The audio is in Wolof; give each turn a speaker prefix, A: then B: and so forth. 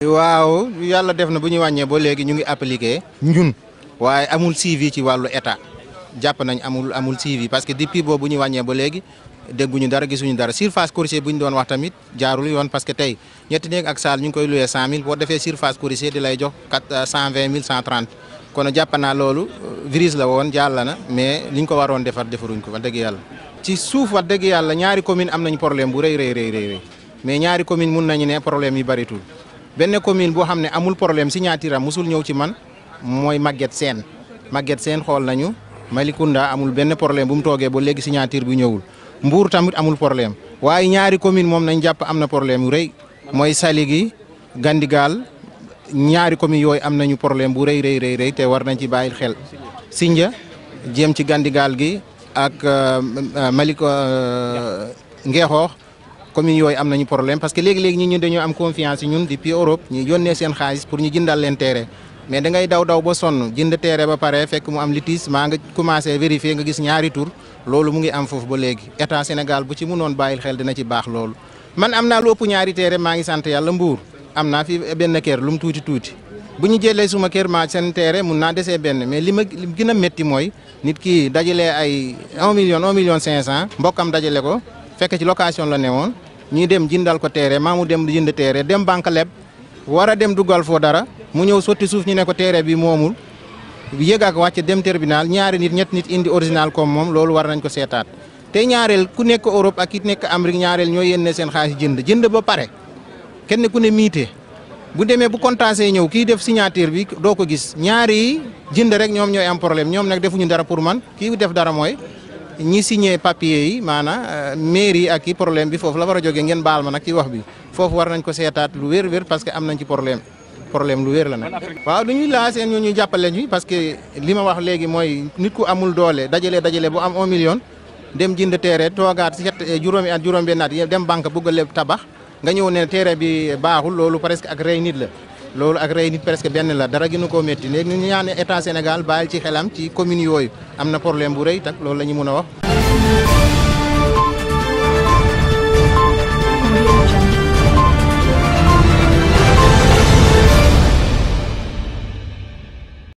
A: waaw yàlla def na bu ñu wàññee ba léegi ñu ngi appliqué ñun waaye amul suivi ci wàllu état jàpp nañ amul amul suivi parce que depuis boobu bu ñu wàññee ba léegi dégguñu dara gisuñu dara surface corrigée bu ñu doon wax tamit jaarul yoon parce que tey ñetti néeg ak saal ñu ngi koy loué 100000 boo defee surface corrigée di lay jox 120000 130 euh, kon jàpp naa loolu euh, virus la woon jàll na mais liñ ko waroon defar defaruñ ko wax dëgg yàlla. ci suuf a dëgg yàlla ñaari commune am nañ problème bu rëy rëy rëy rëy mais ñaari commune nañu ne problème yi baritul benn commune boo xam ne amul problème signature am musul ñëw ci man mooy Maguette seen Maguette seen xool nañu Malicounda amul benn problème bu mu toogee ba léegi signature bu ñëwul Mbour tamit amul problème waaye ñaari commune moom nañ jàpp am na problème yu rëy mooy gi Gandigal ñaari commune yooyu am nañu problème bu rëy rëy rëy rëy te war nañ ci bàyyi xel Sinja jéem ci Gandigal gi ak euh, Malick euh, Ngexoox commune yooyu am nañu problème parce que léegi-léegi ñi ñun dañoo am confiance ñun depuis Europe ñu yónnee seen xaalis pour ñu jëndal leen terrain mais da ngay daw daw ba sonn jënd terrain ba pare fekk mu am litis maa nga commencé vérifier nga gis ñaari tour loolu mu ngi am foofu ba léegi état Sénégal bu ci noon bàyyil xel dina ci baax loolu man am naa lu ëpp ñaari teere maa ngi sant yàlla mbuur am naa fi benn kër lu mu tuuti tuuti bu ñu jëlee suma kër maa seen mun naa desee benn mais li ma li gën a métti mooy nit ki dajale ay 1 million 1 million 500 mbokkam dajale ko fekk ci location la ne woon ñuy dem jëndal ko teere maa mu dem jënd teere dem banque leb war a dem dugal foo dara mu ñëw sotti suuf ñu ne ko teere bi moomul yëg ak wàcc dem tribunal ñaari nit ñett nit indi original comme moom loolu war nañ ko seetaan te ñaareel ku nekk Europe ak ki nekk Amérique ñaareel ñoo yénne seen xaalis jënd jënd ba pare kenn ku ne miite bu demee bu contacté ñëw kii def signature bi doo ko gis ñaari jënd rek ñoom ñooy am problème ñoom nag defuñu dara pour man kii def dara mooy ñi signé papier yi maanaam euh, mairie ak i problème bi foofu la war a jógee ngeen ma nag ci wax bi foofu war nañ ko seetaat lu wér wér parce que am nañ ci problème problème lu wér la nag. waaw duñuy laasee ñu ñuy jàppale ñu parce que li wax léegi mooy nit ku amul doole dajale dajale bu am 1 million dem jënd teere toogaat si xet juróomi at juróom benn dem bank bugg a leb tabax nga ñëw ne teere bi baaxul loolu presque ak rey nit la loolu ak rey nit presque benn la dara gënu koo métti léegi ñu ñaan état Sénégal bàyyil ci xelam ci commune yooyu am na problème bu rëy tak loolu la ñu mun a wax.